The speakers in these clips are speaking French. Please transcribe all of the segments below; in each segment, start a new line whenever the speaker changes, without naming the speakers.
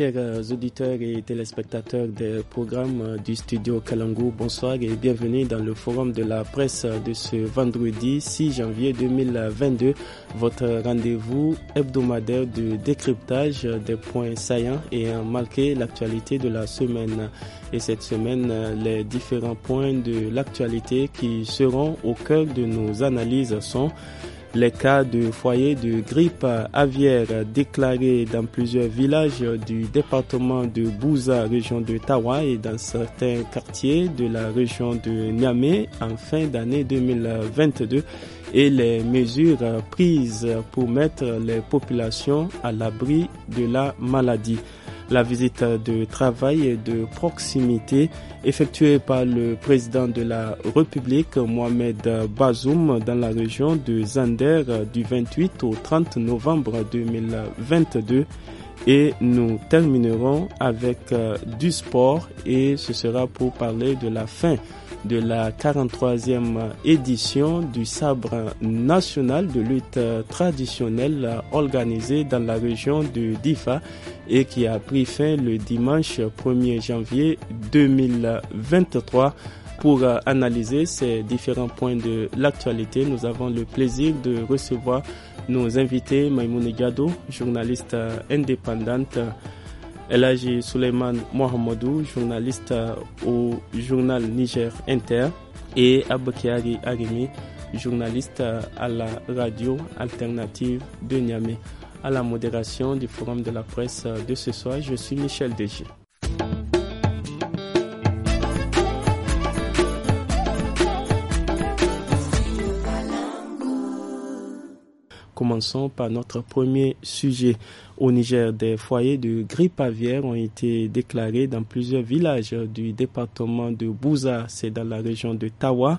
chers euh, auditeurs et téléspectateurs des programmes euh, du studio Kalangou, bonsoir et bienvenue dans le forum de la presse euh, de ce vendredi 6 janvier 2022, votre rendez-vous hebdomadaire de décryptage des points saillants et marqué l'actualité de la semaine. Et cette semaine, les différents points de l'actualité qui seront au cœur de nos analyses sont les cas de foyers de grippe aviaire déclarés dans plusieurs villages du département de Bouza, région de Tawa et dans certains quartiers de la région de Niamey en fin d'année 2022 et les mesures prises pour mettre les populations à l'abri de la maladie. La visite de travail et de proximité effectuée par le président de la République, Mohamed Bazoum, dans la région de Zander du 28 au 30 novembre 2022 et nous terminerons avec euh, du sport et ce sera pour parler de la fin de la 43e édition du sabre national de lutte traditionnelle organisée dans la région de Difa et qui a pris fin le dimanche 1er janvier 2023 pour analyser ces différents points de l'actualité, nous avons le plaisir de recevoir nos invités Maïmoune Gado, journaliste indépendante Elhaji Suleiman Mohamedou, journaliste euh, au journal Niger Inter, et Abakari Arimi, journaliste euh, à la radio alternative de Niamey. À la modération du forum de la presse euh, de ce soir, je suis Michel Degé. commençons par notre premier sujet. Au Niger, des foyers de grippe aviaire ont été déclarés dans plusieurs villages du département de Bouza, c'est dans la région de Tawa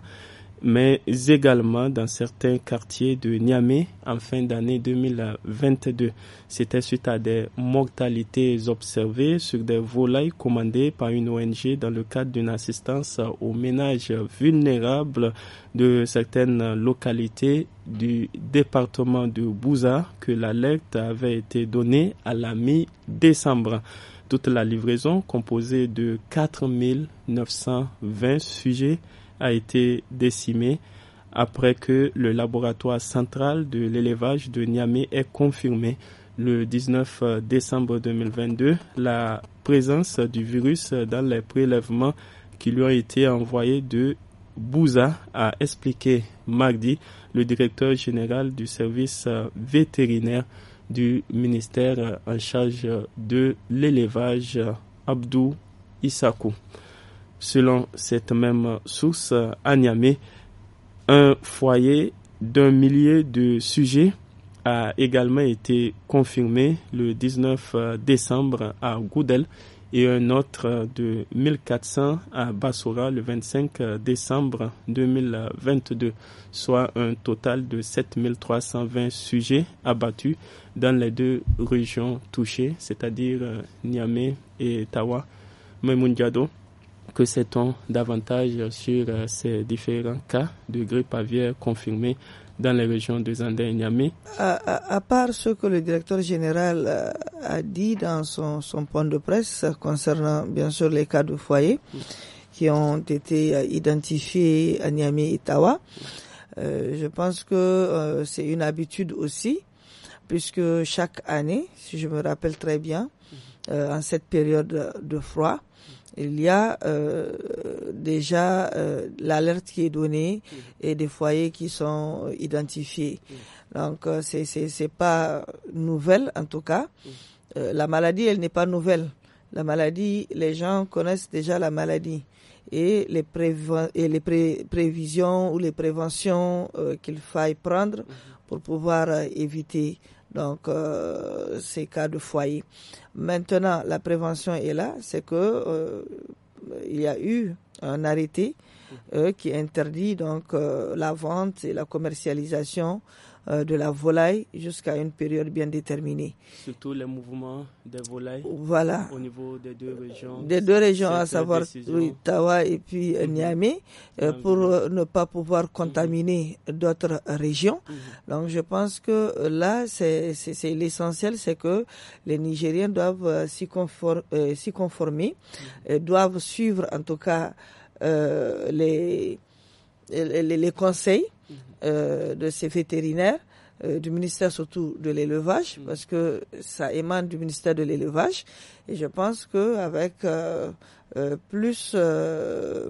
mais également dans certains quartiers de Niamey en fin d'année 2022. C'était suite à des mortalités observées sur des volailles commandées par une ONG dans le cadre d'une assistance aux ménages vulnérables de certaines localités du département de Bouza que l'alerte avait été donnée à la mi-décembre. Toute la livraison composée de 4920 sujets a été décimé après que le laboratoire central de l'élevage de Niamey ait confirmé le 19 euh, décembre 2022 la présence du virus dans les prélèvements qui lui ont été envoyés de Bouza, a expliqué mardi le directeur général du service euh, vétérinaire du ministère euh, en charge de l'élevage, Abdou Issakou. Selon cette même source, à Niamey, un foyer d'un millier de sujets a également été confirmé le 19 euh, décembre à Goudel et un autre de 1400 à Basora le 25 euh, décembre 2022, soit un total de 7320 sujets abattus dans les deux régions touchées, c'est-à-dire euh, Niamey et Tawa. Memundiado que sait-on davantage sur euh, ces différents cas de grippe aviaire confirmés dans les régions de Zandé et Niamey
à, part ce que le directeur général euh, a dit dans son, son point de presse concernant bien sûr les cas de foyer qui ont été euh, identifiés à Niamey et Tawa, je pense que c'est une habitude aussi, puisque chaque année, si je me rappelle très bien, en cette période de froid, il y a euh, déjà euh, l'alerte qui est donnée mhm. et des foyers qui sont euh, identifiés. Mhm. Donc c'est c'est c'est pas nouvelle en tout cas. Mhm. la maladie elle n'est pas nouvelle. La maladie les gens connaissent déjà la maladie et les prévisions ou les préventions qu'il faille prendre pour pouvoir éviter donc euh, ces cas de foyer. Maintenant, la prévention est là, c'est que euh, il y a eu un arrêté euh, qui interdit donc la vente et la commercialisation euh, de la volaille jusqu'à une période bien déterminée.
Surtout les mouvements des volailles voilà. au niveau des deux régions. Des deux régions, à savoir oui,
et puis euh, mhm. euh, Niamey, pour ne pas pouvoir contaminer d'autres régions. Mhm. Donc je pense que là, c'est l'essentiel, c'est que les Nigériens doivent s'y conformer, mhm. doivent suivre en tout cas les, les, les conseils euh, de ces vétérinaires, euh, du ministère surtout de l'élevage, mm. parce que ça émane du ministère de l'élevage. Et je pense qu'avec avec euh, plus de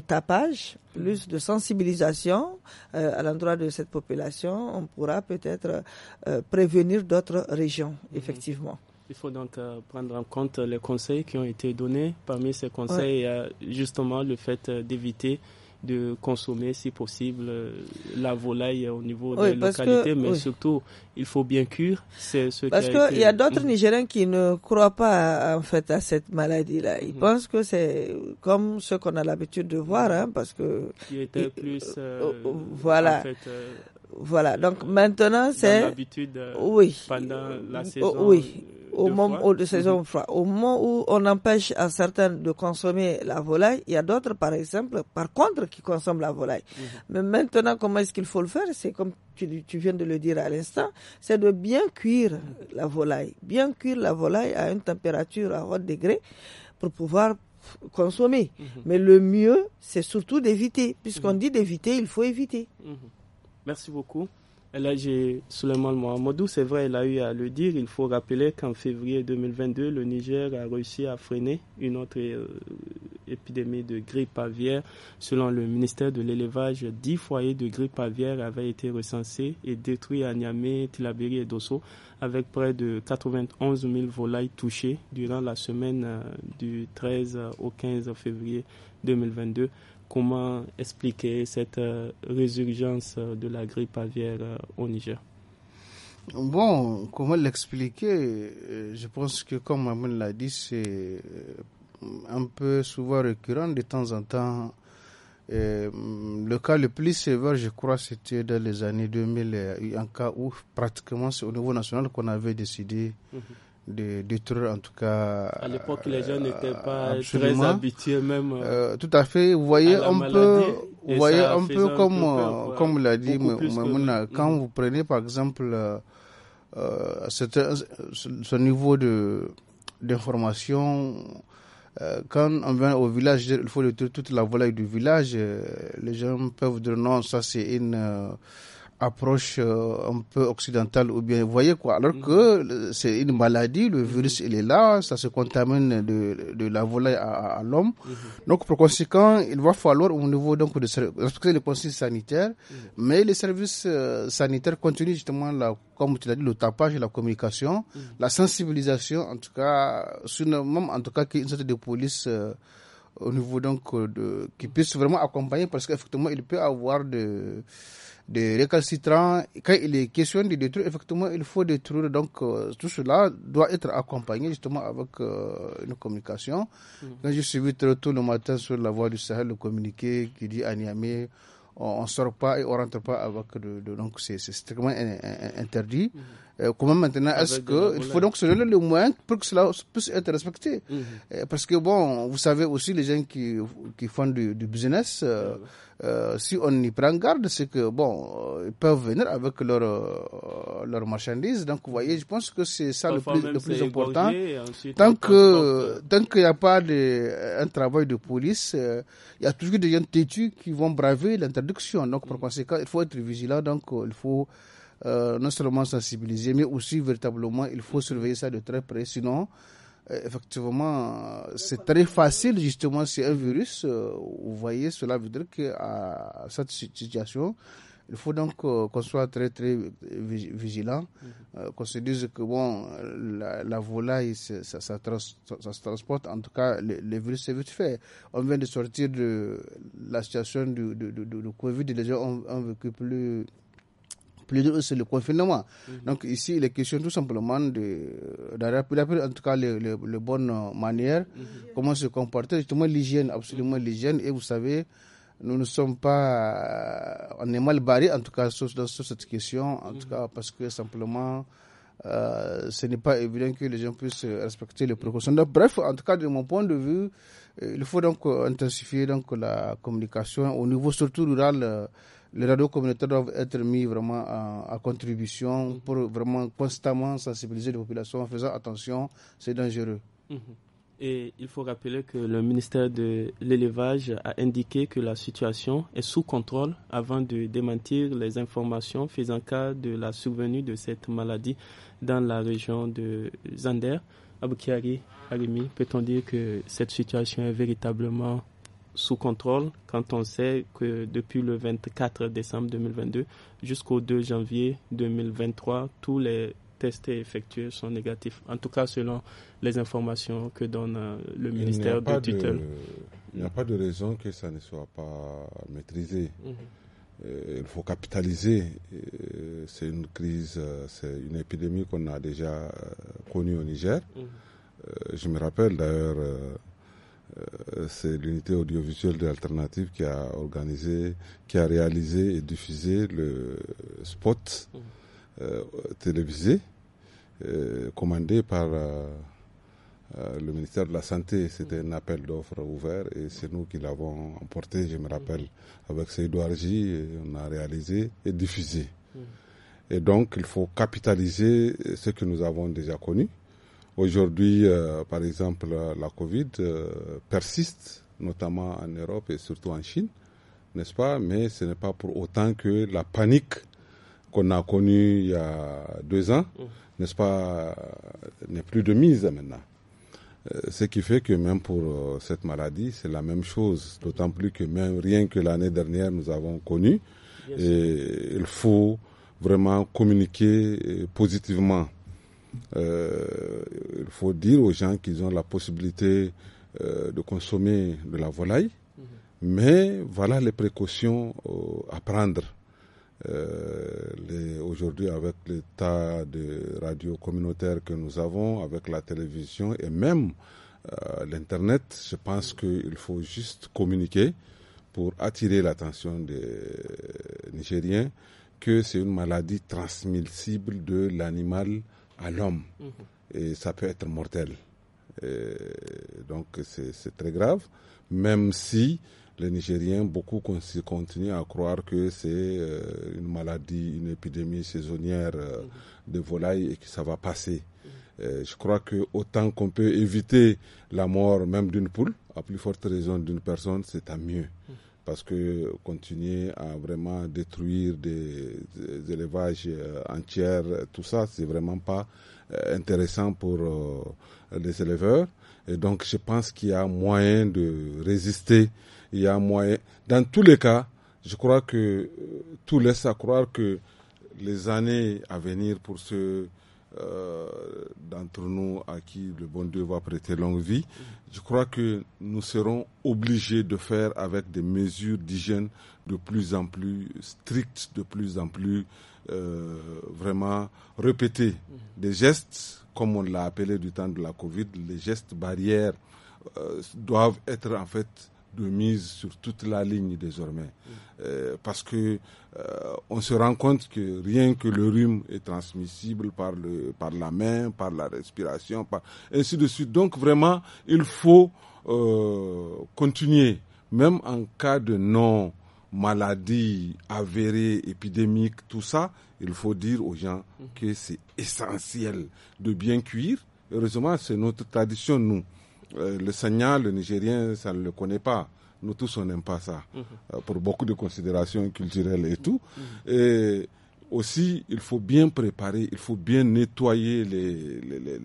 tapage, plus mm. de sensibilisation à l'endroit de cette population, on pourra peut-être prévenir d'autres régions, mm. effectivement.
Il faut donc prendre en compte les conseils qui ont été donnés. Parmi ces conseils, il y a justement le fait d'éviter de consommer, si possible, euh, la volaille au niveau de des localités, mais surtout, il faut bien cuire. C'est ce parce qu'il y a d'autres mhm.
Nigériens qui ne croient pas en fait à cette maladie-là. Ils mhm. pensent que c'est comme ce qu'on a l'habitude de voir, hein, parce que qui était plus euh, euh, voilà. En fait, voilà. Donc maintenant, c'est l'habitude. Euh, oui. Pendant la euh, saison. Oui. Au moment, de saison au moment où on empêche à certains de consommer la volaille, il y a d'autres, par exemple, par contre, qui consomment la volaille. Mhm. Mais maintenant, comment est-ce qu'il faut le faire C'est comme tu, viens de le dire à l'instant, c'est de bien cuire la volaille. Bien cuire la volaille à une température à haut degré pour pouvoir consommer. Mhm. Mais le mieux, c'est surtout d'éviter. Puisqu'on mhm. dit d'éviter, il faut éviter.
Merci beaucoup. Là, j'ai Souleymane Mohamedou, c'est vrai, il a eu à le dire. Il faut rappeler qu'en février 2022, le Niger a réussi à freiner une autre euh, épidémie de grippe aviaire. Selon le ministère de l'Élevage, dix foyers de grippe aviaire avaient été recensés et détruits à Niamey, Tilaberi et Dosso, avec près de 91 000 volailles touchées durant la semaine euh, du 13 au 15 février 2022 comment
expliquer cette euh, résurgence euh, de la grippe aviaire euh, au Niger Bon, comment l'expliquer Je pense que, comme Maman l'a dit, c'est un peu souvent récurrent de temps en temps. le cas le plus sévère, je crois, c'était dans les années 2000, un cas où pratiquement c'est au niveau national qu'on avait décidé mhm détruire en tout cas. À
l'époque, les gens n'étaient pas très habitués même.
Euh, euh, tout à fait. Vous voyez un peu, vous voyez un peu comme euh, comme l'a dit Mamouna, quand mm-hmm. vous prenez par exemple ce niveau de d'information. quand on vient au village, il faut détruire toute la volaille du village. les gens peuvent dire non, ça c'est une approche euh, un peu occidentale ou bien voyez quoi alors que mhm. c'est une maladie le virus mhm. il est là ça se contamine de, de la volaille à, l'homme mhm. donc pour conséquent il va falloir au niveau donc de respecter les consignes sanitaires mais les services euh, sanitaires continuent justement là comme tu l'as dit le tapage la communication la sensibilisation en tout cas sur, même en tout cas qu'une une sorte de police euh, au niveau donc euh, de, qui puisse vraiment accompagner parce qu'effectivement il peut avoir de des récalcitrants quand il est question de détruire effectivement il faut détruire donc euh, tout cela doit être accompagné justement avec euh, une communication mm. quand je suis vite tôt le matin sur la voie du Sahel le communiqué qui dit à Niamey on ne sort pas et on ne rentre pas avec de, donc c'est strictement interdit. comment mhm. euh, maintenant est-ce que il faut donc se donner le pour que cela puisse être respecté mhm. euh, Parce que bon, vous savez aussi les gens qui, qui font du, business, euh, mhm. Euh, si on y prend garde, c'est que, bon, euh, ils peuvent venir avec leurs euh, leur marchandise. Donc, vous voyez, je pense que c'est ça le plus, important. tant que tant qu'il n'y a pas de, un travail de police, il y a toujours des gens têtus qui vont braver l'interdiction. Donc, par mm. conséquent, il faut être vigilant. Donc, il faut non seulement sensibiliser, mais aussi, véritablement, il faut surveiller ça de très près. Sinon, euh, effectivement, euh, c'est très facile, justement, c'est un virus. Euh, vous voyez, cela veut dire qu'à cette situation, il faut donc qu'on soit très, très vigilant, mhm. qu'on se dise que, bon, la, volaille, ça, ça, se transporte. En tout cas, le, virus, c'est vite fait. On vient de sortir de la situation du, du, du, Covid, les gens on ont vécu plus plusieurs, c'est le confinement. Mhm. Donc ici, il est question tout simplement de, rappeler en tout cas les, les, les bonnes manières, mhm. comment se comporter, justement l'hygiène, absolument l'hygiène. Et vous savez, nous ne sommes pas, on est mal barré en tout cas sur, cette question, en mhm. tout cas parce que simplement... Euh, ce n'est pas évident que les gens puissent respecter les précautions. bref, en tout cas, de mon point de vue, euh, il faut donc euh, intensifier donc la communication au niveau surtout rural les radios communautaires doivent être mis vraiment à, contribution pour vraiment constamment sensibiliser les populations en faisant attention, c'est dangereux.
Mhm.
Et il faut rappeler que le
ministère de l'élevage a indiqué que la situation
est sous contrôle avant de démentir les informations faisant cas de la survenue de cette maladie dans la région de Zander. Aboukiari, Arimi, peut-on dire que cette situation est véritablement sous contrôle quand on sait que depuis le 24 décembre 2022 jusqu'au 2 janvier 2023, tous les tests effectués sont négatifs, en tout cas selon les informations que donne euh, le ministère de tutelle. il n'y a
pas de raison que ça ne soit pas maîtrisé. Mhm. Euh, il faut capitaliser. Euh, c'est une crise, c'est une épidémie qu'on a déjà connue au Niger. Mhm. je me rappelle d'ailleurs euh, c'est l'unité audiovisuelle de l'alternative qui a organisé, qui a réalisé et diffusé le spot mhm. euh, télévisé euh, commandé par le ministère de la Santé. C'était mhm. un appel d'offres ouvert et c'est nous qui l'avons emporté, je me mhm. rappelle, avec Edouard Arji, on a réalisé et diffusé. Et donc, il faut capitaliser ce que nous avons déjà connu Aujourd'hui, euh, par exemple, la Covid euh, persiste, notamment en Europe et surtout en Chine, n'est-ce pas Mais ce n'est pas pour autant que la panique qu'on a connue il y a deux ans, mmh. n'est-ce pas, n'est plus de mise maintenant. Euh, ce qui fait que même pour cette maladie, c'est la même chose, d'autant plus que même rien que l'année dernière nous avons connu, et il faut vraiment communiquer positivement euh, il faut dire aux gens qu'ils ont la possibilité euh, de consommer de la volaille, mhm. mais voilà les précautions euh, à prendre. aujourd'hui avec l'état tas de radio communautaire que nous avons, avec la télévision et même l'Internet, je pense mhm. qu'il faut juste communiquer pour attirer l'attention des Nigériens que c'est une maladie transmissible de l'animal à l'homme. Mhm. Et ça peut être mortel. donc c'est très grave, même si les Nigériens, beaucoup continuent à croire que c'est euh, une maladie, une épidémie saisonnière euh, mhm. de volailles et que ça va passer. Mhm. Euh, je crois que autant qu'on peut éviter la mort même d'une poule, à plus forte raison d'une personne, c'est à mieux parce que continuer à vraiment détruire des, élevages euh, entiers, tout ça, c'est vraiment pas euh, intéressant pour euh, les éleveurs. Et donc, je pense qu'il y a moyen de résister. Il y a moyen. Dans tous les cas, je crois que tout laisse à croire que les années à venir pour ce euh, d'entre nous à qui le bon Dieu va prêter longue vie, je crois que nous serons obligés de faire avec des mesures d'hygiène de plus en plus strictes, de plus en plus euh, vraiment répétées. Des gestes, comme on l'a appelé du temps de la Covid, les gestes barrières euh, doivent être en fait de mise sur toute la ligne désormais. Euh, parce que euh, on se rend compte que rien que le rhume est transmissible par le par la main, par la respiration, ainsi de suite. Donc vraiment, il faut euh, continuer, même en cas de non maladie avérée, épidémique, tout ça, il faut dire aux gens que c'est essentiel de bien cuire. Heureusement, c'est notre tradition, nous. Euh, le signal le Nigérien, ça ne le connaît pas. Nous tous, on n'aime pas ça, mhm. euh, pour beaucoup de considérations culturelles et tout. Mhm. Et aussi, il faut bien préparer, il faut bien nettoyer les, les, les,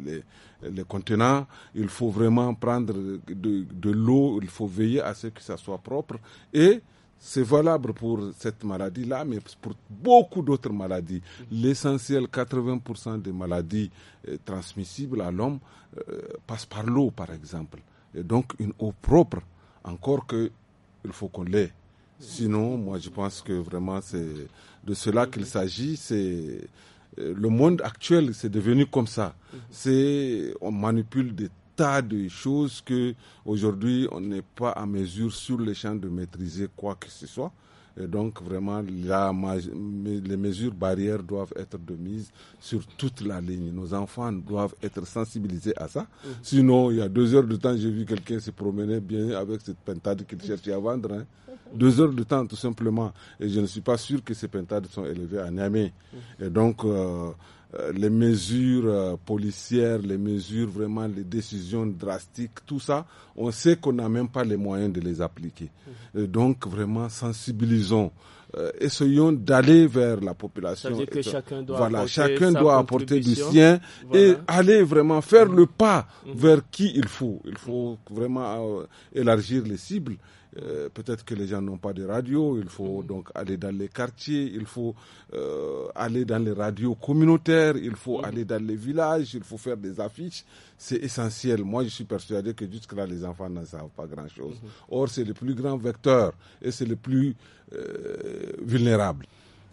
les, les contenants, il faut vraiment prendre de, de l'eau, il faut veiller à ce que ça soit propre. Et c'est valable pour cette maladie-là, mais pour beaucoup d'autres maladies. L'essentiel, 80% des maladies euh, transmissibles à l'homme euh, passent par l'eau, par exemple. Et donc, une eau propre, encore qu'il faut qu'on l'ait. Sinon, moi, je pense que vraiment, c'est de cela qu'il s'agit. C'est euh, le monde actuel, c'est devenu comme ça. C'est on manipule des tas de choses que aujourd'hui on n'est pas à mesure sur le champ de maîtriser quoi que ce soit. Et donc vraiment, les mesures barrières doivent être de mise sur toute la ligne. Nos enfants doivent être sensibilisés à ça. Mhm. Sinon, il y a deux heures de temps, j'ai vu quelqu'un se promener bien avec cette pentade qu'il mhm. cherchait à vendre. Hein. Deux heures de temps, tout simplement. Et je ne suis pas sûr que ces pentades sont élevées à Niamey. Mhm. Et donc, euh, euh, les mesures euh, policières, les mesures vraiment, les décisions drastiques, tout ça, on sait qu'on n'a même pas les moyens de les appliquer. Mhm. Euh, donc vraiment sensibilisons essayons d'aller vers la population. que chacun doit voilà, apporter, chacun doit apporter du sien et aller vraiment faire mhm. le pas mhm. vers qui il faut. Il faut vraiment élargir les cibles euh, peut-être que les gens n'ont pas de radio, il faut mhm. donc aller dans les quartiers, il faut euh, aller dans les radios communautaires, il faut mhm. aller dans les villages, il faut faire des affiches. C'est essentiel. Moi, je suis persuadé que jusque-là, les enfants n'en savent pas grand-chose. Mhm. Or, c'est le plus grand vecteur et c'est le plus euh, vulnérable.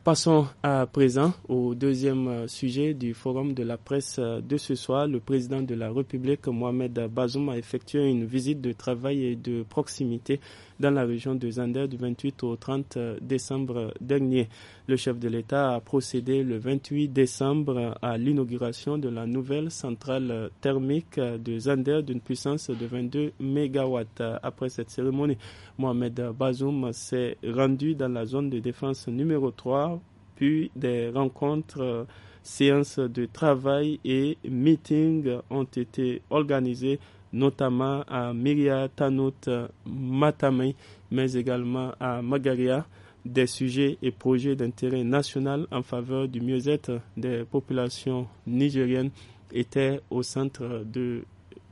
Passons à présent au deuxième
sujet du forum de la presse de ce soir. Le président de la République, Mohamed Bazoum, a effectué une visite de travail et de proximité dans la région de Zander du 28 au 30 euh, décembre dernier. Le chef de l'État a procédé le 28 décembre à l'inauguration de la nouvelle centrale euh, thermique euh, de Zander d'une puissance de 22 MW. Après cette cérémonie, Mohamed Bazoum s'est rendu dans la zone de défense numéro 3, puis des rencontres séances de travail et meetings ont été organisés notamment à Myria, Tanout, euh, Matame, mais également à Magaria, des sujets et projets d'intérêt national en faveur du mieux-être des populations nigériennes étaient au centre de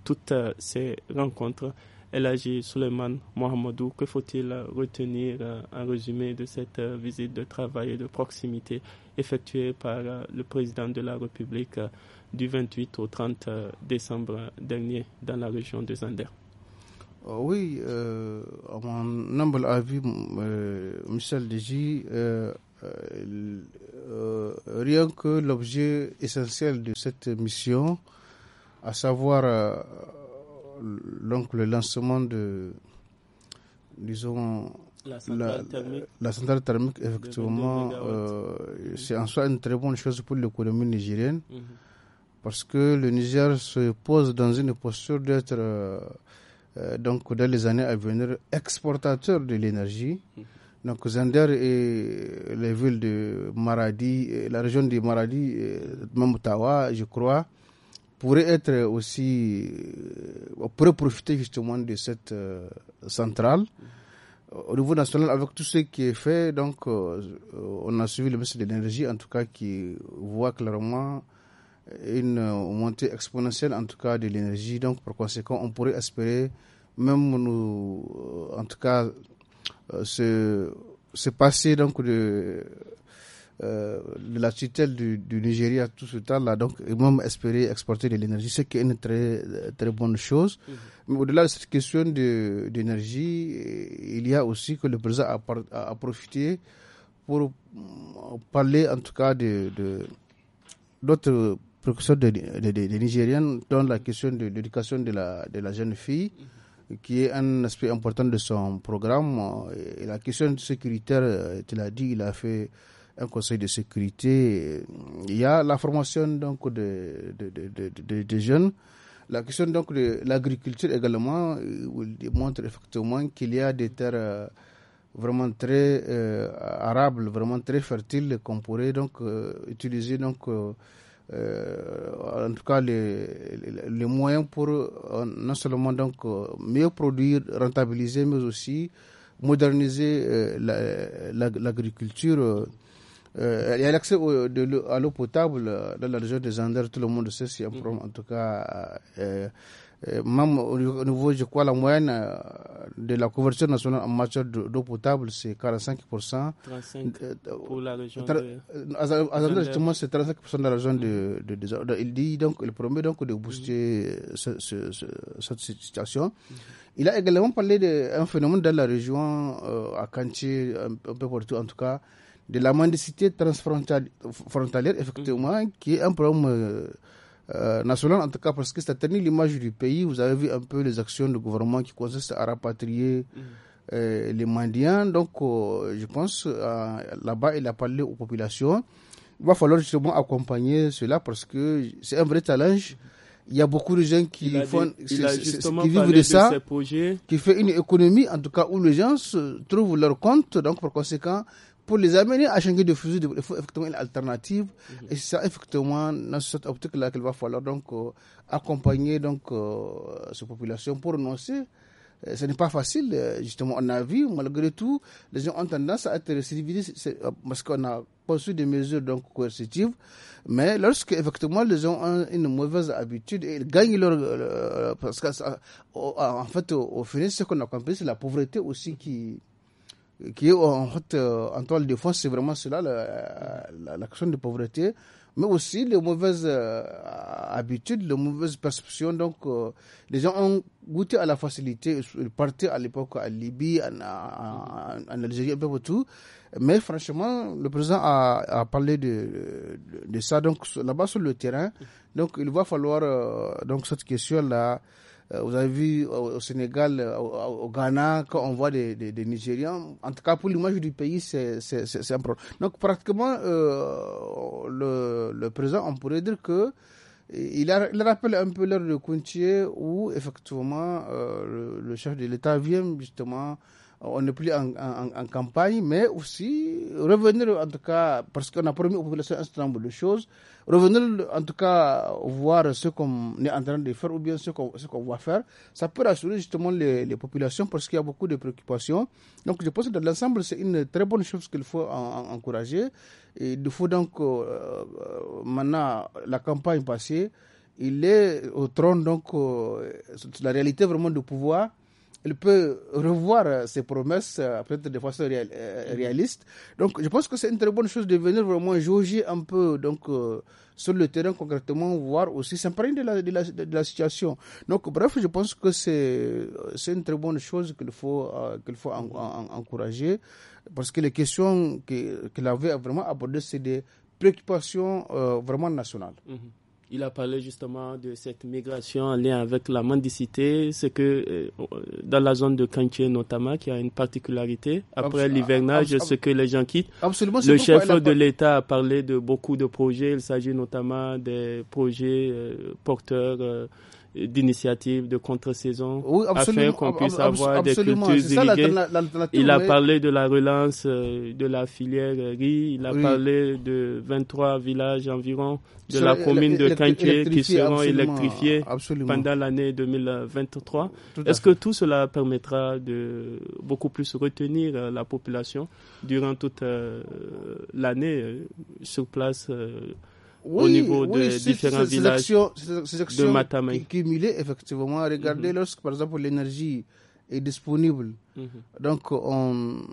toutes euh, ces rencontres. Elagie Suleiman Mohamedou, que faut-il retenir euh, en résumé de cette visite de travail et de proximité effectuée par le président de la République du 28 au 30 euh, décembre dernier dans la région de Zander.
Euh, oui, euh, à mon humble avis, Michel Deji, rien que l'objet essentiel de cette mission, à savoir donc le lancement de, disons, la centrale, thermique, effectivement, c'est en soi une très bonne chose pour l'économie nigérienne. Mhm parce que le Niger se pose dans une posture d'être, euh, euh, donc, dans les années à venir, exportateur de l'énergie. Mm-hmm. Donc, Zander et les villes de Maradi, euh, la région de Maradi, même je crois, pourraient être aussi, pourraient profiter justement de cette centrale au niveau national, avec tout ce qui est fait, donc on a suivi le ministre de l'énergie, en tout cas, qui voit clairement une euh, montée exponentielle en tout cas de l'énergie. Donc par conséquent, on pourrait espérer même nous, euh, en tout cas, euh, se, se passer donc de, la tutelle du, Nigeria tout ce temps-là, donc même espérer exporter de l'énergie, ce qui est une très, très bonne chose. Mhm. Mais au-delà de cette question d'énergie, il y a aussi que le président a, a, profité pour parler en tout cas de d'autres professeur de, de, de, dans la question de l'éducation de la, de la jeune fille, qui est un aspect important de son programme. Et la question sécuritaire, euh, tu l'as dit, il a fait un conseil de sécurité. Il y a la formation donc des de, de, jeunes. La question donc de l'agriculture également, euh, il montre effectivement qu'il y a des terres euh, vraiment très arables, vraiment très fertiles qu'on pourrait donc utiliser donc euh, en tout cas les, les moyens pour euh, non seulement donc euh, mieux produire, rentabiliser, mais aussi moderniser l'agriculture. il y a l'accès à l'eau potable dans la région des Andes, tout le monde sait, c'est un problème en tout cas eh, même au niveau, je crois, la moyenne euh, de la couverture nationale en matière d'eau potable, c'est 45%. 35% euh, euh, pour la région de... c'est 35% de la région de, mm-hmm. Il dit donc, il promet donc de booster mm-hmm. cette situation. Mm-hmm. Il a également parlé d'un phénomène dans la région, à Kanché, un, peu partout en tout cas, de la mendicité transfrontalière, effectivement, qui est un problème euh, nationale, en tout cas parce que ça tenait l'image du pays. Vous avez vu un peu les actions du gouvernement qui consistent à rapatrier mm. euh, les mendiants. Donc, euh, je pense, euh, là-bas, il a parlé aux populations. Il va falloir justement accompagner cela parce que c'est un vrai challenge. Il y a beaucoup de gens qui, font, vivent de ça, qui fait une économie, en tout cas, où les gens se trouvent leur compte. Donc, par conséquent, pour les amener à changer de fusil, il faut effectivement une alternative. Mhm. Et c'est ça, effectivement, dans cette optique-là qu'il va falloir donc euh, accompagner donc, euh, ces populations pour renoncer. Euh, ce n'est pas facile, justement, on a vu, malgré tout, les gens ont tendance à être récidivistes parce qu'on a conçu des mesures donc coercitives, mais lorsque effectivement les gens ont une mauvaise habitude, ils gagnent leur, parce qu'en en fait, au, au final, ce qu'on a compris, c'est la pauvreté aussi qui, qui est en, fait, euh, en toile de fond, c'est vraiment cela, l'action la, question de pauvreté, mais aussi les mauvaises euh, habitudes, les mauvaises perceptions. Donc, euh, les gens ont goûté à la facilité. Ils partaient à l'époque à Libye, en, Algérie, un peu partout. Mais franchement, le président a, a parlé de, de, ça. Donc, là-bas, sur le terrain, donc il va falloir, donc cette question-là, euh, vous avez vu euh, au, Sénégal, euh, au, Ghana, quand on voit des, des, Nigérians, en tout cas pour l'image du pays, c'est un problème. Donc pratiquement, le, le, président, on pourrait dire que il, a, rappelle un peu l'heure de Kuntier où effectivement le, chef de l'État vient justement on n'est plus en, campagne, mais aussi revenir, en tout cas, parce qu'on a promis aux populations un certain nombre de choses, revenir, en tout cas, voir ce qu'on est en train de faire ou bien ce qu'on va faire. Ça peut rassurer justement les, populations parce qu'il y a beaucoup de préoccupations. Donc, je pense que dans l'ensemble, c'est une très bonne chose qu'il faut encourager. Et il faut donc, euh, euh, maintenant, la campagne passée, il est au trône, donc, euh, la réalité vraiment du pouvoir elle peut revoir euh, ses promesses, peut-être de façon réaliste. Donc, je pense que c'est une très bonne chose de venir vraiment jauger un peu donc, euh, sur le terrain concrètement, voir aussi s'imprégner de la, de, la, de la, situation. Donc, bref, je pense que c'est euh, une très bonne chose qu'il faut, qu'il faut encourager parce que les questions qu'il avait vraiment abordées, c'est des préoccupations vraiment nationales.
Mm-hmm. Il a parlé justement de cette migration en lien avec la mendicité. C'est que euh, dans la zone de Cantier notamment, qui a une particularité, après l'hivernage, ce que les gens quittent. Absolument, le chef de l'État a parlé de beaucoup de projets. Il s'agit notamment des projets euh, porteurs. Euh, d'initiatives de contre-saison afin qu'on puisse avoir des cultures irriguées. il a parlé de la relance euh, de la filière riz, il a parlé de 23 villages environ de la commune de Cancé qui seront électrifiés pendant l'année 2023. Est-ce que tout cela permettra de beaucoup plus retenir euh, la population durant toute euh, l'année sur place au niveau des différents ces villages actions, ces
Cumulées, effectivement, regardez mhm. lorsque, par exemple, l'énergie est disponible. Mhm. Donc, on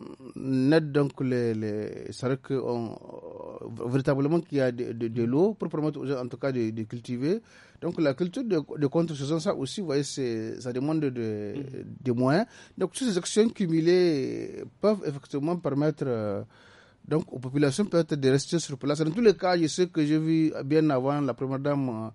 aide donc les. les C'est vrai on euh, Véritablement, qu'il y a de, l'eau pour permettre aux gens, en tout cas, de, de cultiver. Donc, la culture de, de contre-saison, ça aussi, vous voyez, ça demande de, mhm. des moyens. Donc, toutes ces actions cumulées peuvent effectivement permettre. Euh, donc, aux populations peut-être de rester sur place. Dans tous les cas, je sais que j'ai vu bien avant la première dame. Euh,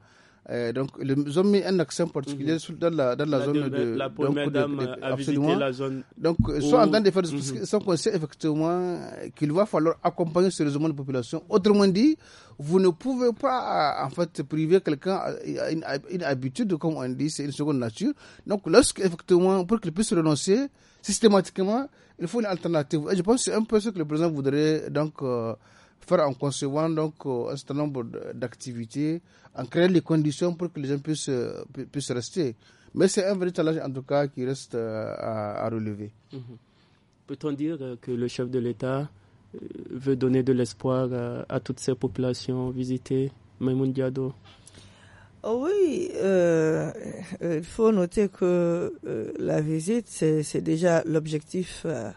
euh, donc, ils ont mis un accent particulier mhm. dans la, dans la, zone de, La première donc, dame a visité la zone. Donc, euh, soit en train de faire des mhm. sont conscients effectivement qu'il va falloir accompagner sérieusement la population. Autrement dit, vous ne pouvez pas en fait priver quelqu'un d'une une, une, habitude, comme on dit, c'est une seconde nature. Donc, lorsqu'effectivement, effectivement, pour qu'il puisse renoncer systématiquement, il faut une alternative. je pense que c'est un peu ce que le président voudrait donc euh, faire en concevant donc euh, un certain nombre d'activités, en créant les conditions pour que les gens puissent, euh, puissent rester. Mais c'est un vrai challenge en tout cas qui reste à, relever. Mhm. Peut-on dire que le chef de
l'État veut donner de l'espoir à, toutes ces populations visitées, Maimoun Diado
ah oui, euh, euh, il faut noter que euh, la visite, c'est déjà l'objectif. Euh,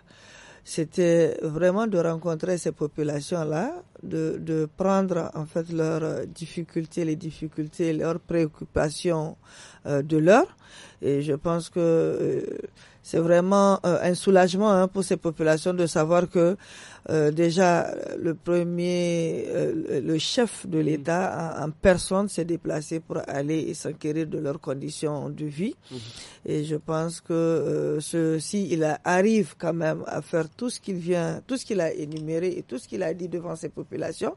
c'était vraiment de rencontrer ces populations-là, de, de, prendre en fait leurs difficultés, les difficultés, leurs préoccupations de l'heure. Et je pense que c'est vraiment euh, un soulagement hein, pour ces populations de savoir que euh, déjà le premier, euh, le chef de mm. l'État en, personne s'est déplacé pour aller s'enquérir de leurs conditions de vie. Mm-hmm. Et je pense que ceci, il arrive quand même à faire tout ce qu'il vient, tout ce qu'il a énuméré et tout ce qu'il a dit devant ces populations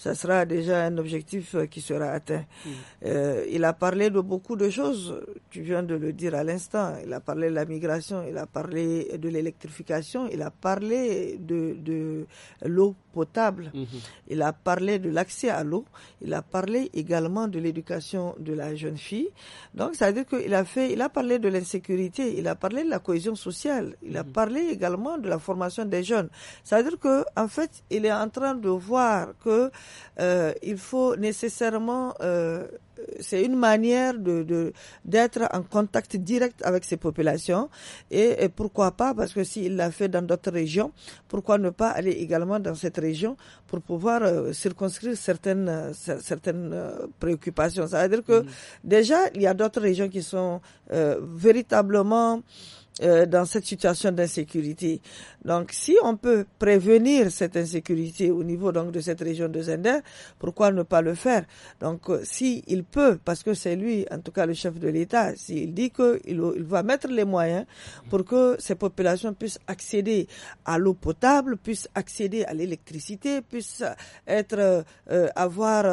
ça sera déjà un objectif euh, qui sera atteint. Mm. Euh, il a parlé de beaucoup de choses, tu viens de le dire à l'instant. Il a parlé de la migration, il a parlé de l'électrification, il a parlé de, de l'eau potable, mm-hmm. il a parlé de l'accès à l'eau, il a parlé également de l'éducation de la jeune fille. Donc, ça veut dire qu'il a fait, il a parlé de l'insécurité, il a parlé de la cohésion sociale, il a mm-hmm. parlé également de la formation des jeunes. Ça veut dire que, en fait, il est en train de voir que euh, il faut nécessairement, euh, c'est une manière de d'être en contact direct avec ces populations et, pourquoi pas, parce que s'il l'a fait dans d'autres régions, pourquoi ne pas aller également dans cette région pour pouvoir euh, circonscrire certaines euh, certaines préoccupations. Ça veut dire que mm. déjà il y a d'autres régions qui sont véritablement euh, dans cette situation d'insécurité. Donc, si on peut prévenir cette insécurité au niveau donc de cette région de Zender, pourquoi ne pas le faire Donc, euh, si il peut, parce que c'est lui, en tout cas le chef de l'État, s'il dit qu'il il va mettre les moyens pour que ces populations puissent accéder à l'eau potable, puissent accéder à l'électricité, puissent être euh, avoir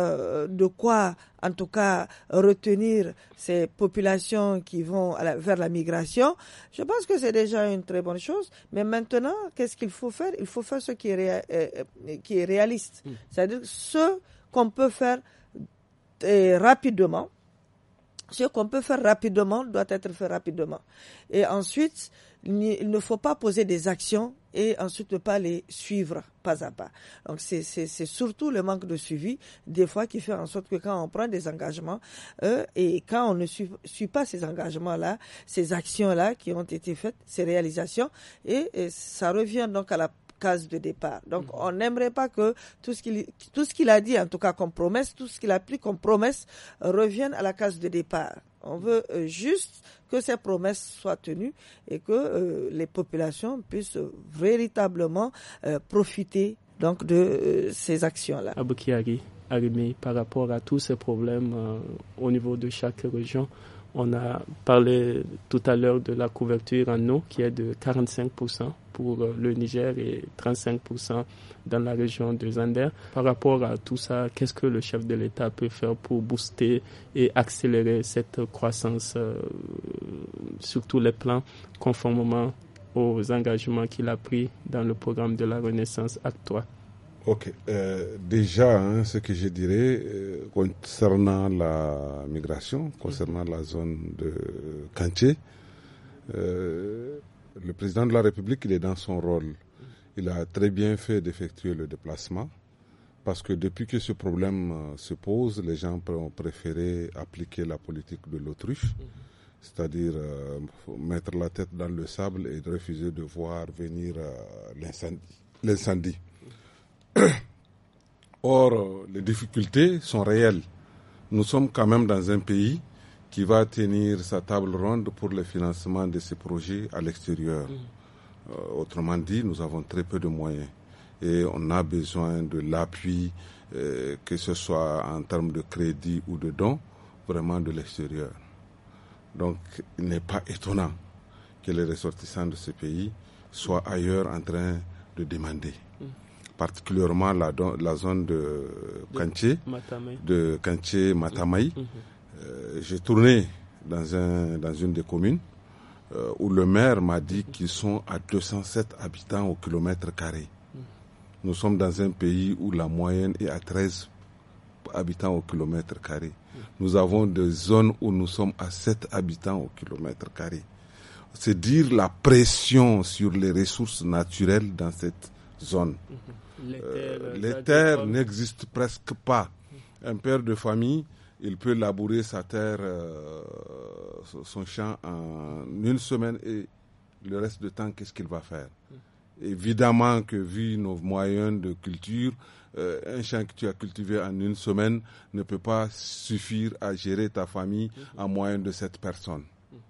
de quoi en tout cas retenir ces populations qui vont vers la migration, je pense que c'est déjà une très bonne chose. Mais maintenant, qu'est-ce qu'il faut faire Il faut faire ce qui est, euh, euh, qui est réaliste, hmm. c'est-à-dire ce qu'on peut faire euh, rapidement. Ce qu'on peut faire rapidement doit être fait rapidement. Et ensuite, il ne faut pas poser des actions et ensuite ne pas les suivre pas à pas. Donc c'est surtout le manque de suivi des fois qui fait en sorte que quand on prend des engagements euh, et quand on ne suit, pas ces engagements-là, ces actions-là qui ont été faites, ces réalisations, et, ça revient donc à la case de départ. Donc, mmh. on n'aimerait pas que tout ce qu'il tout ce qu'il a dit, en tout cas comme promesse, tout ce qu'il a pris comme promesse, revienne à la case de départ. On mmh. veut euh, juste que ces promesses soient tenues et que euh, les populations puissent véritablement euh, profiter de euh, ces actions-là. Aboukiari, Arimi, par rapport
à tous ces problèmes au niveau de chaque région, on a parlé tout à l'heure de la couverture en eau qui est de 45% pour euh, le Niger et 35% dans la région de Zander. Par rapport à tout ça, qu'est-ce que le chef de l'État peut faire pour booster et accélérer cette croissance euh, sur tous les plans conformément aux engagements qu'il a pris dans le programme de la Renaissance actuelle
Ok. Euh, déjà, hein, ce que je dirais euh, concernant la migration, mm. concernant la zone de cantier, euh, le président de la République, il est dans son rôle. Il a très bien fait d'effectuer le déplacement parce que depuis que ce problème se pose, les gens ont préféré appliquer la politique de l'autruche, mm. c'est-à-dire mettre la tête dans le sable et refuser de voir venir l'incendie Or, les difficultés sont réelles. Nous sommes quand même dans un pays qui va tenir sa table ronde pour le financement de ses projets à l'extérieur. Mm. Euh, autrement dit, nous avons très peu de moyens et on a besoin de l'appui, euh, que ce soit en termes de crédit ou de dons, vraiment de l'extérieur. Donc, il n'est pas étonnant que les ressortissants de ce pays soient ailleurs en train de demander particulièrement la, zone de Kanché, de Kanché Matamai. Mm-hmm. Euh, j'ai tourné dans, une des communes euh, où le maire m'a dit mm-hmm. qu'ils sont à 207 habitants au kilomètre carré. Mm-hmm. Nous sommes dans un pays où la moyenne est à 13 habitants au kilomètre carré. Nous avons des zones où nous sommes à 7 habitants au kilomètre carré. C'est dire la pression sur les ressources naturelles dans cette zones. Mhm. Les euh, terres, n'existent presque pas. Un père de famille, il peut labourer sa terre, euh, son champ en une semaine et le reste de temps, qu'est-ce qu'il va faire mhm. Évidemment que vu nos moyens de culture, euh, un champ que tu as cultivé en une semaine ne peut pas suffire à gérer ta famille mhm. en moyen de cette personne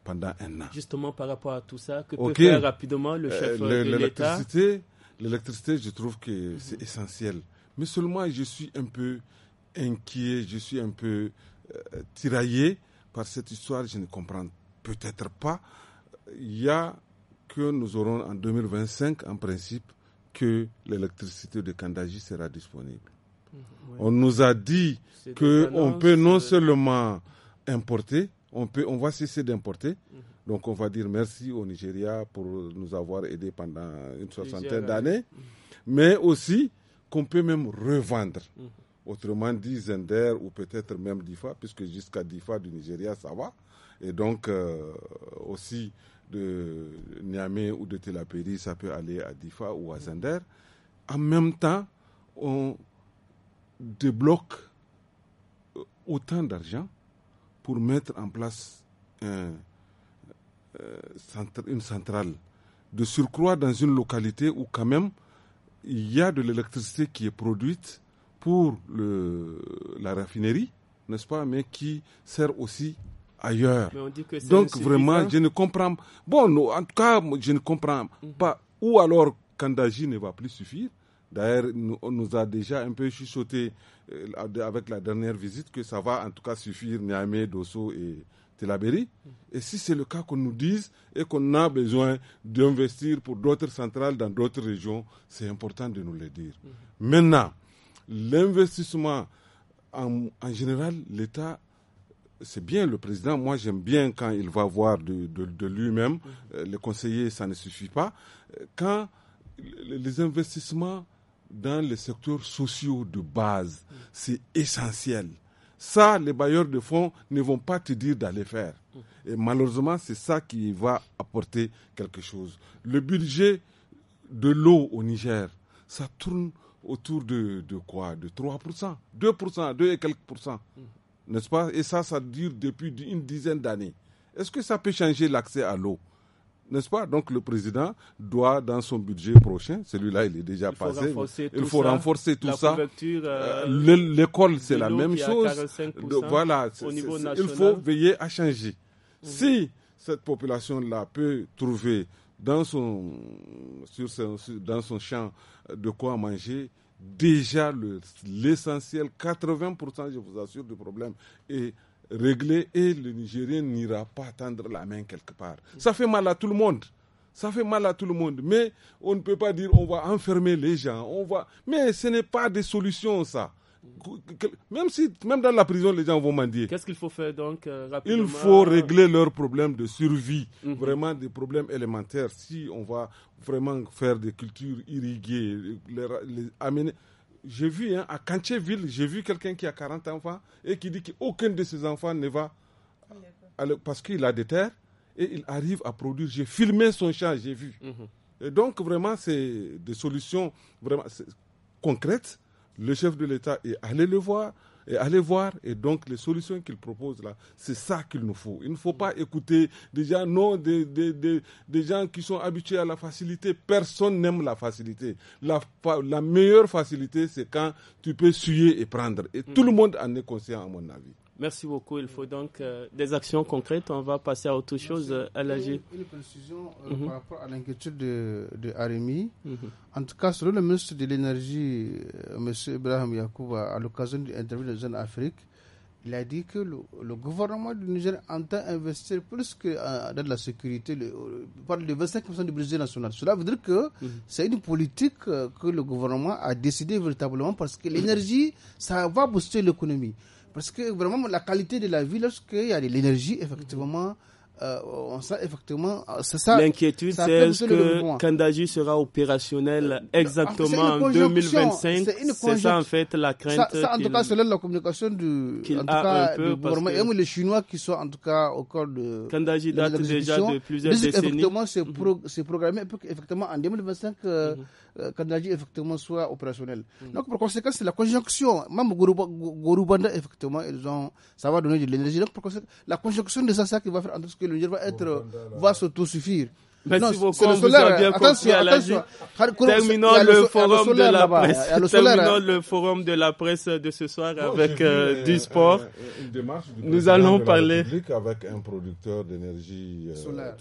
pendant un an.
Justement par rapport à tout ça, que peut faire rapidement le chef de l'État
L'électricité, je trouve que c'est mhm. essentiel. Mais seulement, je suis un peu inquiet, je suis un peu euh, tiraillé par cette histoire. Je ne comprends peut-être pas. Il y a que nous aurons en 2025, en principe, que l'électricité de Kandaji sera disponible. Mhm, on nous a dit qu'on peut non euh, seulement importer, on peut, on va cesser d'importer, mhm. Donc on va dire merci au Nigeria pour nous avoir aidés pendant une soixantaine d'années, mais aussi qu'on peut même revendre. Mm-hmm. Autrement dit, Zender ou peut-être même Difa, puisque jusqu'à Difa du Nigeria, ça va. Et donc euh, aussi de Niamey ou de Telapéry, ça peut aller à Difa ou à Zender. En même temps, on débloque euh, autant d'argent pour mettre en place un une centrale. De surcroît dans une localité où quand même il y a de l'électricité qui est produite pour le, la raffinerie, n'est-ce pas, mais qui sert aussi ailleurs. Donc vraiment, je ne comprends Bon, en tout cas, je ne comprends mm-hmm. pas. Ou alors, Kandaji ne va plus suffire. D'ailleurs, on nous a déjà un peu chuchoté euh, avec la dernière visite que ça va en tout cas suffire Niamey, Dosso et, et si c'est le cas qu'on nous dise et qu'on a besoin d'investir pour d'autres centrales dans d'autres régions, c'est important de nous le dire. Mhm. Maintenant, l'investissement en, général, l'État, c'est bien le président. Moi, j'aime bien quand il va voir de, lui-même. Mhm. Euh, les conseillers, ça ne suffit pas. Euh, quand les investissements dans les secteurs sociaux de base, mhm. c'est essentiel ça, les bailleurs de fonds ne vont pas te dire d'aller faire. Et malheureusement, c'est ça qui va apporter quelque chose. Le budget de l'eau au Niger, ça tourne autour de, de quoi De 3%, 2%, 2 et quelques pourcents. N'est-ce pas Et ça, ça dure depuis une dizaine d'années. Est-ce que ça peut changer l'accès à l'eau n'est-ce pas Donc le président doit, dans son budget prochain, celui-là il est déjà passé, il faut renforcer tout ça. Euh, euh, l'école, c'est la même chose. voilà, il faut veiller à changer. Mhm. Si cette population-là peut trouver dans son, dans son champ de quoi manger, déjà l'essentiel, 80%, je vous assure, du problème est Régler et le Nigérien n'ira pas tendre la main quelque part. Ça fait mal à tout le monde. Ça fait mal à tout le monde. Mais on ne peut pas dire on va enfermer les gens. On va... Mais ce n'est pas des solutions, ça. Même, si, même dans la prison, les gens vont dire. Qu'est-ce qu'il faut
faire donc euh, rapidement Il faut régler
leurs problèmes de survie, mhm. vraiment des problèmes élémentaires. Si on va vraiment faire des cultures irriguées, les amener j'ai vu hein, à Kantchéville, j'ai vu quelqu'un qui a 40 enfants et qui dit qu'aucun de ses enfants ne va parce qu'il a des terres et il arrive à produire. J'ai filmé son champ, j'ai vu. Mhm. Et donc vraiment, c'est des solutions vraiment concrètes. Le chef de l'État est allé le voir et aller voir. Et donc, les solutions qu'il propose là, c'est ça qu'il nous faut. Il ne faut pas écouter des gens, non, des, gens qui sont habitués à la facilité. Personne n'aime la facilité. La, meilleure facilité, c'est quand tu peux suyer et prendre. Et mm. tout le monde en est conscient, à mon avis.
Merci beaucoup. Il faut donc euh, des actions concrètes. On va passer à autre chose, à
euh, l'AG. Une, précision euh, mhm. par rapport à l'inquiétude de, de mhm. En tout cas, le ministre de l'Énergie, M. Ibrahim Yakouba, à l'occasion d'une interview de Jeune Afrique, il a dit que le, gouvernement du Niger entend investir plus que dans la sécurité, le, parle de 25% du budget national. Cela veut dire que mhm. c'est une politique que le gouvernement a décidée véritablement parce que l'énergie, ça va booster l'économie. Parce que vraiment, la qualité de la vie, lorsqu'il y a de l'énergie, effectivement, euh, on sait effectivement, euh, c'est ça. L'inquiétude, c'est ce que
Kandaji sera opérationnel euh, exactement en 2025. C'est ça, en fait, la crainte. ça en tout cas, selon
la communication du, en tout cas, peu. les Chinois qui sont, en tout cas, au corps de. Kandaji date déjà de plusieurs décennies. Effectivement, c'est mhm. programmé pour en 2025, euh, quand on a effectivement soit opérationnel. Mm. Donc par conséquent, c'est la conjonction. Même Gorubanda, effectivement, ils ont, ça va donner de l'énergie. Donc par conséquent, la conjonction de ça, c'est ça qui va faire en sorte que le va être, va va tout suffire Merci beaucoup. vous bien compris à Terminons le,
forum de la presse. le forum de la presse de ce soir avec euh, euh, du sport. Euh, nous allons parler
avec un producteur d'énergie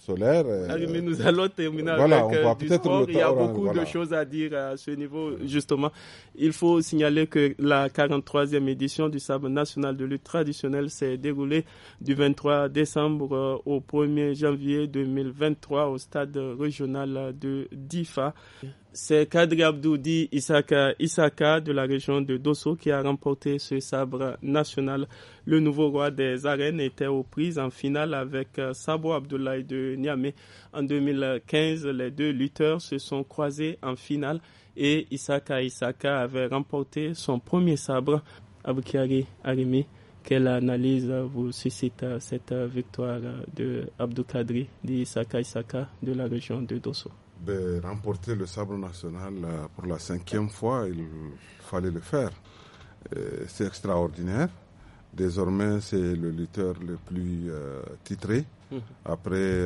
solaire. Ah nous allons terminer avec du sport. Il y a beaucoup de
choses à dire à ce niveau justement. Il faut signaler que la 43e édition du Sable national de lutte traditionnelle s'est déroulée du 23 décembre au 1er janvier 2023 au stade régional de Difa. C'est Kadri Abdoudi Isaka Isaka de la région de Dosso qui a remporté ce sabre national. Le nouveau roi des arènes était aux prises en finale avec euh, Sabo Abdoulaye de Niamey. En 2015, les deux lutteurs se sont croisés en finale et Isaka Isaka avait remporté son premier sabre. Aboukhari Arimi. Quelle analyse vous suscite euh, cette euh, victoire euh, de Kadri dit Sakai Saka, de la région de Dosso
ben, Remporter le sabre national pour la cinquième fois, il fallait le faire. C'est extraordinaire. Désormais, c'est le lutteur le plus titré mhm. après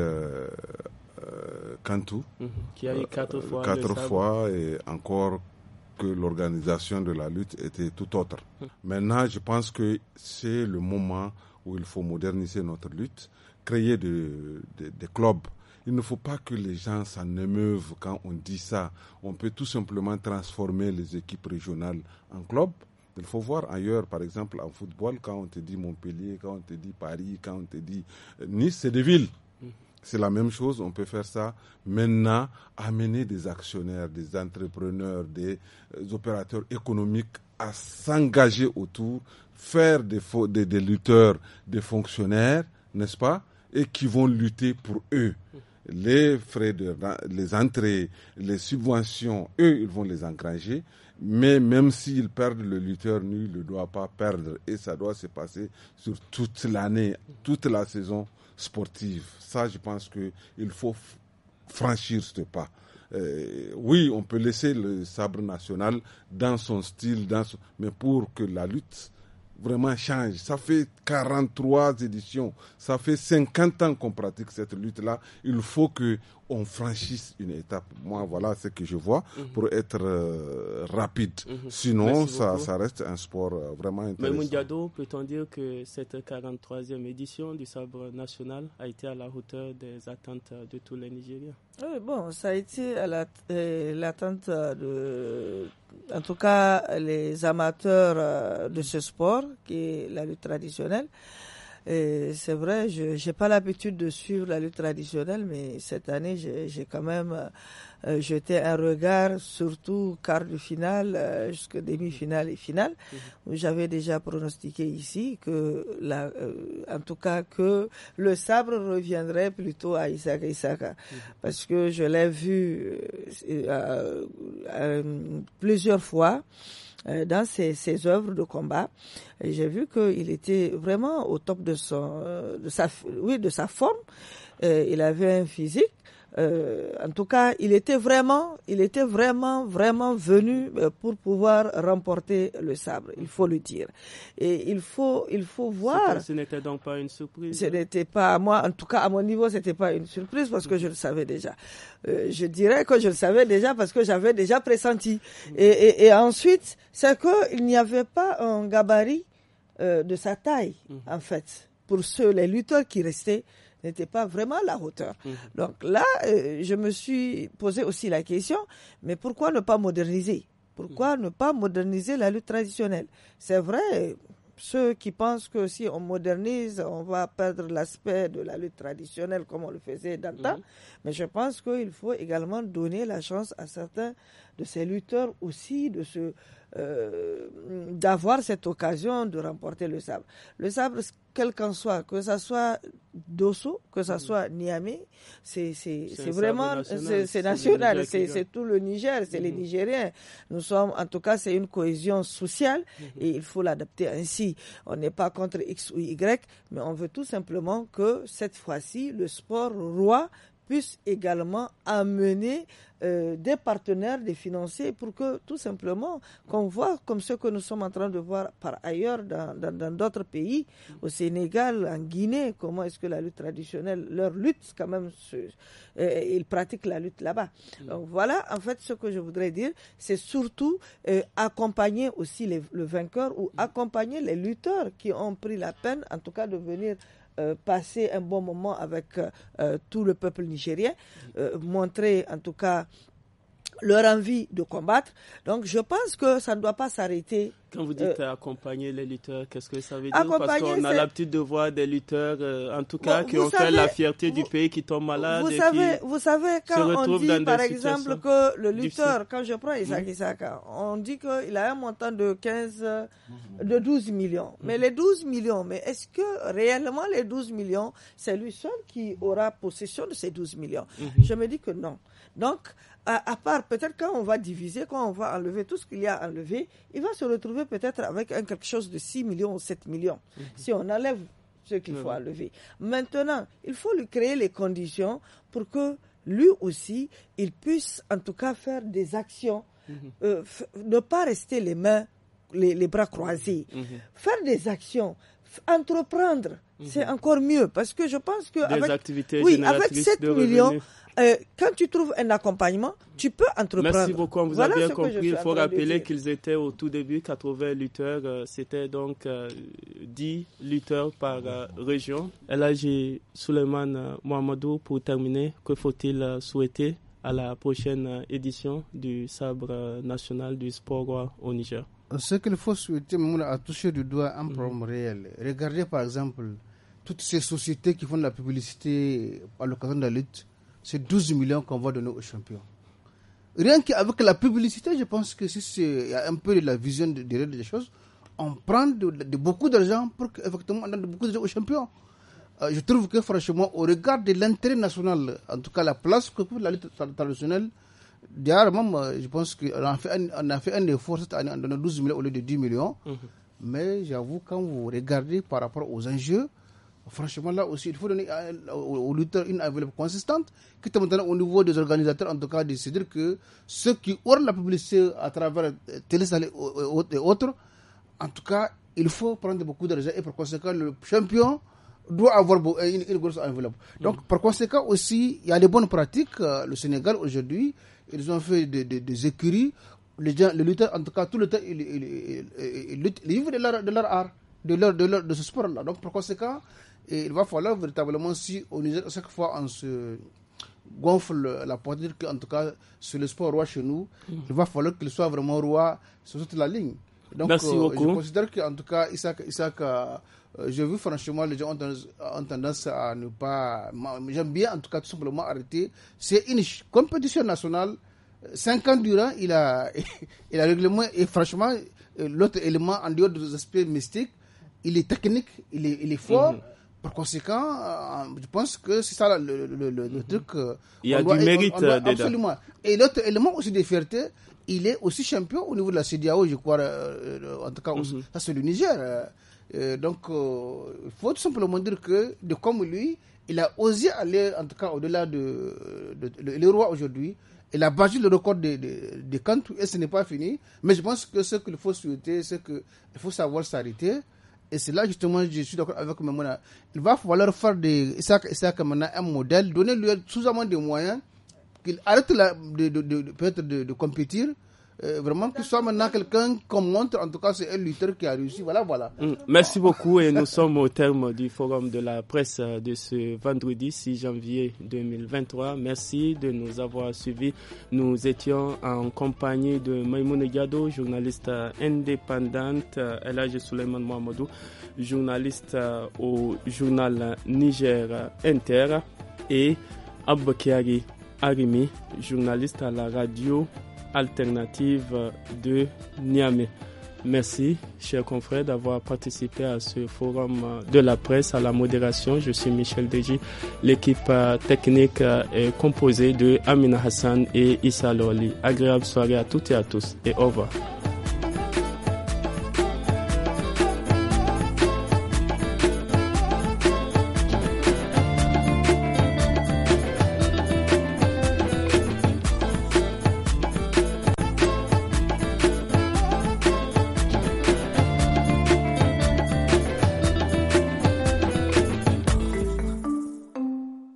Kantou, mhm. Qui a eu quatre fois. Quatre fois et encore que l'organisation de la lutte était tout autre. Maintenant, je pense que c'est le moment où il faut moderniser notre lutte, créer des clubs. Il ne faut pas que les gens s'en émeuvent quand on dit ça. On peut tout simplement transformer les équipes régionales en clubs. Il faut voir ailleurs, par exemple en football, quand on te dit Montpellier, quand on te dit Paris, quand on te dit euh, Nice, c'est des villes. C'est la même chose, on peut faire ça maintenant, amener des actionnaires, des entrepreneurs, des euh, opérateurs économiques à s'engager autour, faire des, lutteurs, des fonctionnaires, n'est-ce pas, et qui vont lutter pour eux les frais de les entrées, les subventions, eux, ils vont les engranger. Mais même s'ils perdent, le lutteur nul ne doit pas perdre. Et ça doit se passer sur toute l'année, toute la saison sportive. Ça, je pense qu'il faut franchir ce pas. Euh, oui, on peut laisser le sabre national dans son style, dans mais pour que la lutte vraiment change. Ça fait 43 éditions, ça fait 50 ans qu'on pratique cette lutte-là. Il faut que on franchisse une étape. Moi, voilà ce que je vois mhm. pour être euh, rapide. Mhm. Sinon, ça, reste un sport euh, vraiment intéressant. Mais
Mundiado, peut-on dire que cette 43e édition du sabre national a été à la hauteur des attentes de tous les Nigériens
Oui, bon, ça a été à euh, l'attente la, de, en tout cas, les amateurs de ce sport, qui est la lutte traditionnelle c'est vrai, je n'ai pas l'habitude de suivre la lutte traditionnelle, mais cette année, j'ai quand même euh, jeté un regard, surtout quart de finale, euh, demi-finale et finale, mhm. j'avais déjà pronostiqué ici que, la, euh, en tout cas, que le sabre reviendrait plutôt à Isaka Isaka. Hein. Mhm. Parce que je l'ai vu euh, plusieurs fois. Euh, dans ses, ses, œuvres de combat. J'ai vu qu'il était vraiment au top de son, euh, de sa, oui, de sa forme. Euh, il avait un physique euh, en tout cas, il était vraiment, il était vraiment, vraiment venu euh, pour pouvoir remporter le sabre. Il faut le dire. Et il faut, il faut voir. Ce n'était donc pas une surprise. Ce hein. n'était pas à moi, en tout cas à mon niveau, c'était pas une surprise parce que je le savais déjà. Euh, je dirais que je le savais déjà parce que j'avais déjà pressenti. Mhm. Et, ensuite, c'est qu'il n'y avait pas un gabarit de sa taille, mhm. en fait, pour ceux les lutteurs qui restaient n'était pas vraiment à la hauteur. Mhm. Donc là, euh, je me suis posé aussi la question, mais pourquoi ne pas moderniser Pourquoi mhm. ne pas moderniser la lutte traditionnelle C'est vrai, ceux qui pensent que si on modernise, on va perdre l'aspect de la lutte traditionnelle comme on le faisait d'antan. Mhm. Mais je pense qu'il faut également donner la chance à certains de ces lutteurs aussi de ce euh, d'avoir cette occasion de remporter le sabre. Le sabre, quel qu'en soit, que ça soit Dosso, que ça mm. soit Niamey, c'est vraiment c'est national, c'est tout le Niger, c'est les mm. Nigériens. Nous sommes, en tout cas, c'est une cohésion sociale mm-hmm. et il faut l'adapter ainsi. On n'est pas contre X ou Y, mais on veut tout simplement que cette fois-ci, le sport roi puissent également amener euh, des partenaires, des financiers, pour que tout simplement qu'on voit comme ce que nous sommes en train de voir par ailleurs dans d'autres pays, au Sénégal, en Guinée, comment est-ce que la lutte traditionnelle, leur lutte quand même, euh, ils pratiquent la lutte là-bas. Donc voilà, en fait, ce que je voudrais dire, c'est surtout euh, accompagner aussi le vainqueur ou accompagner les lutteurs qui ont pris la peine, en tout cas, de venir euh, passer un bon moment avec euh, euh, tout le peuple nigérien, montrer en tout cas leur envie de combattre. Donc je pense que ça ne doit pas s'arrêter. Quand vous dites euh, accompagner les lutteurs, qu'est-ce que ça veut dire Parce qu'on a l'habitude
de voir des lutteurs, euh, en tout cas, qui ont fait la fierté du pays, qui tombent malades. Vous savez,
vous savez quand on dit, par exemple, que le lutteur, quand je prends Isaac on dit qu'il a un montant de 15, mhm. de 12 millions. Mais mhm. les 12 millions, mais est-ce que réellement les 12 millions, c'est lui seul qui aura possession de ces 12 millions mhm. Je me dis que non. Donc, à, part, peut-être quand on va diviser, quand on va enlever tout ce qu'il y a à enlever, il va se retrouver peut-être avec quelque chose de 6 millions ou 7 millions. Mhm. Si on enlève ce qu'il faut enlever. Maintenant, il faut lui créer les conditions pour que lui aussi, il puisse en tout cas faire des actions, mhm. euh, ne pas rester les mains, les, bras croisés, mhm. faire des actions, entreprendre, c'est encore mieux parce que je pense que des avec, activités 7 millions, euh, quand tu trouves un accompagnement, tu peux entreprendre. Merci beaucoup, vous avez bien compris. Il faut rappeler
qu'ils étaient au tout début 80 lutteurs. Euh, c'était donc 10 euh, lutteurs par région. Et là, j'ai Souleymane Mohamedou pour terminer. Que faut-il souhaiter à la prochaine édition du Sabre national du sport au Niger
Ce qu'il faut souhaiter, à toucher du doigt un mhm. problème réel. Regardez par exemple toutes ces sociétés qui font de la publicité à l'occasion de la lutte c'est 12 millions qu'on va donner aux champions. Rien qu'avec la publicité, je pense que si c'est un peu de la vision derrière des choses, on prend de, beaucoup d'argent pour qu'effectivement on donne beaucoup d'argent aux champions. Euh, je trouve que franchement, au regard de l'intérêt national, en tout cas la place que la lutte traditionnelle, derrière même, euh, je pense qu'on a, fait un, effort cette année en donnant 12 millions au lieu de 10 millions. Mhm. Mais j'avoue, quand vous regardez par rapport aux enjeux, franchement, là aussi, il faut donner aux lutteurs une enveloppe consistante, est maintenant au niveau des organisateurs, en tout cas, de se dire que ceux qui ont la publicité à travers télé et autres, en tout cas, il faut prendre beaucoup d'argent et par conséquent, le champion doit avoir une, grosse enveloppe. Donc, par conséquent, aussi, il y a des bonnes pratiques. Le Sénégal, aujourd'hui, ils ont fait des, écuries. Les, lutteurs, en tout cas, tout le temps, ils, vivent de leur, de leur art, de, leur, de, leur, de ce sport-là. Donc, par conséquent, et il va falloir véritablement, si on, chaque fois on se gonfle la poitrine, qu'en tout cas, sur le sport roi chez nous, mm. il va falloir qu'il soit vraiment roi sur toute la ligne. Donc, euh, je considère qu'en tout cas, Isaac, Isaac euh, je vu franchement, les gens ont tendance, à ne pas. J'aime bien, en tout cas, tout simplement arrêter. C'est une compétition nationale. Cinq ans durant, il a, il a règlement. Et franchement, euh, l'autre élément, en dehors des aspects mystiques, il est technique, il est, il est fort. Mm-hmm. Par conséquent, euh, je pense que c'est ça le, mhm. truc. Euh, il y a du mérite on, euh, Absolument. Et l'autre élément aussi de fierté, il est aussi champion au niveau de la CDAO, je crois. en tout cas, mhm. ça c'est le Niger. donc, il faut tout simplement dire que, de comme lui, il a osé aller, en tout cas, au-delà de, le roi aujourd'hui. Il a battu le record de, de, de et ce n'est pas fini. Mais je pense que ce qu'il faut souhaiter, c'est qu'il faut savoir s'arrêter. Et c'est là justement, je suis d'accord avec Mamona. Il va falloir faire des Isaac, Isaac maintenant un modèle, donner lui suffisamment de moyens qu'il arrête peut-être de compétir euh, vraiment ce soit maintenant quelqu'un qu'on montre, en tout cas c'est un lutteur qui a réussi. Voilà, voilà.
Mm. Merci beaucoup et nous sommes au terme du forum de la presse euh, de ce vendredi 6 janvier 2023. Merci de nous avoir suivis. Nous étions en compagnie de Maïmoune Gado, journaliste euh, indépendante, euh, Elage Souleymane Mohamedou, journaliste au journal Niger Inter et Abbakiari Arimi, journaliste à la radio alternative de Niamey. Merci, chers confrères, d'avoir participé à ce forum de la presse à la modération. Je suis Michel Deji. L'équipe euh, technique euh, est composée de Amina Hassan et Issa Loli. Agréable soirée à toutes et à tous et au revoir.